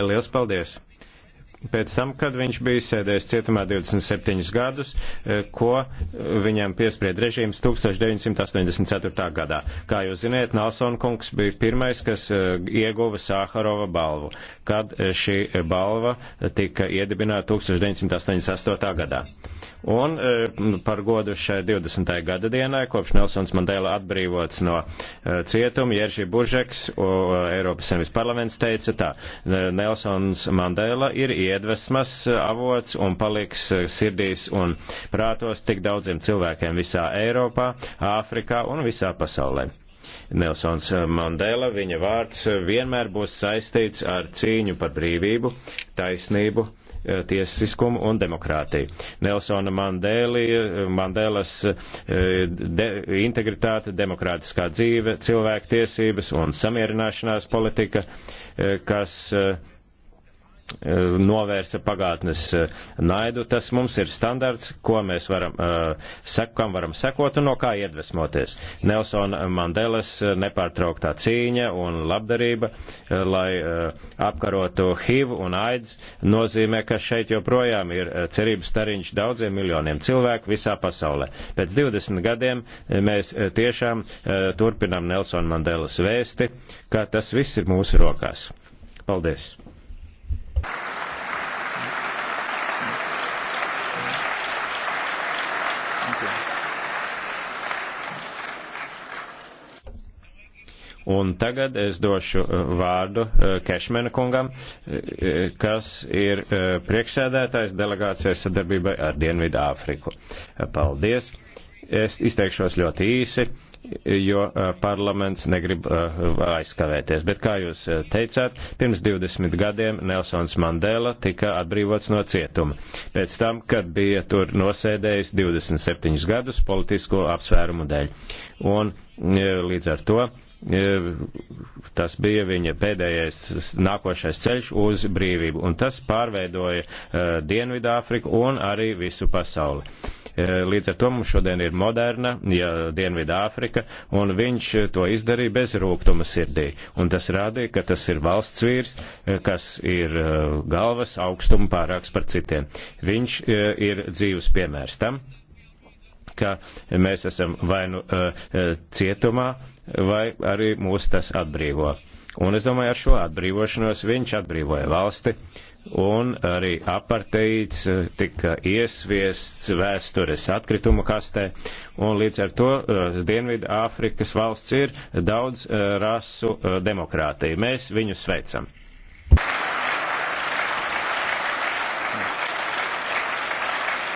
Liels paldies! pēc tam, kad viņš bija sēdējis cietumā 27 gadus, eh, ko eh, viņam piespried režīms 1984. gadā. Kā jūs ziniet, Nalsona kungs bija pirmais, kas eh, ieguva Sāharova balvu, kad šī balva tika iedibināta 1988. gadā. Un e, par godu šai 20. gada dienai, kopš Nelsons Mandela atbrīvots no e, cietuma, Jerži Buržeks, e, Eiropas Savienības parlaments teica tā, Nelsons Mandela ir iedvesmas avots un paliks sirdīs un prātos tik daudziem cilvēkiem visā Eiropā, Āfrikā un visā pasaulē. Nelsons Mandela, viņa vārds vienmēr būs saistīts ar cīņu par brīvību, taisnību, eh, tiesiskumu un demokrātiju. Nelsona Mandēli, eh, Mandēlas eh, de, integritāte, demokrātiskā dzīve, cilvēktiesības un samierināšanās politika, kas Eh, novērsa pagātnes eh, naidu. Tas mums ir standarts, ko mēs varam, eh, sekam, varam sekot un no kā iedvesmoties. Nelsona Mandelas nepārtrauktā cīņa un labdarība, lai apkarotu HIV un AIDS, nozīmē, ka šeit joprojām ir cerības stariņš daudziem miljoniem cilvēku visā pasaulē. Pēc 20 gadiem mēs tiešām turpinām Nelsona Mandelas vēsti, ka tas viss ir mūsu rokās. Paldies! Un tagad es došu uh, vārdu uh, Kešmena kungam, uh, kas ir priekšsēdētājs delegācijas sadarbībai ar Dienvidu Āfriku. Paldies! Es izteikšos ļoti īsi, jo eh, parlaments negrib eh, aizskavēties. Bet, kā jūs eh, teicāt, pirms 20 gadiem Nelsons Mandela tika atbrīvots no cietuma. Pēc tam, kad bija tur nosēdējis 27 gadus politisko apsvērumu dēļ. Un līdz ar to tas bija viņa pēdējais nākošais ceļš uz brīvību, un tas pārveidoja uh, Dienvidāfriku un arī visu pasauli. E, līdz ar to mums šodien ir moderna, ja Dienvidā Āfrika, un viņš to izdarīja bez rūgtuma sirdī. Un tas rādīja, ka tas ir valsts vīrs, e, kas ir e, galvas augstuma pārāks par citiem. Viņš ir dzīves piemērs tam ka mēs esam vai nu cietumā, vai arī mūs tas atbrīvo. Un es domāju, ar šo atbrīvošanos viņš atbrīvoja valsti, un arī aparteids eh, tika iesviests vēstures atkrituma kastē, un līdz ar to eh, Dienvidu Āfrikas valsts ir daudz eh, rasu demokrātija. Mēs viņu sveicam.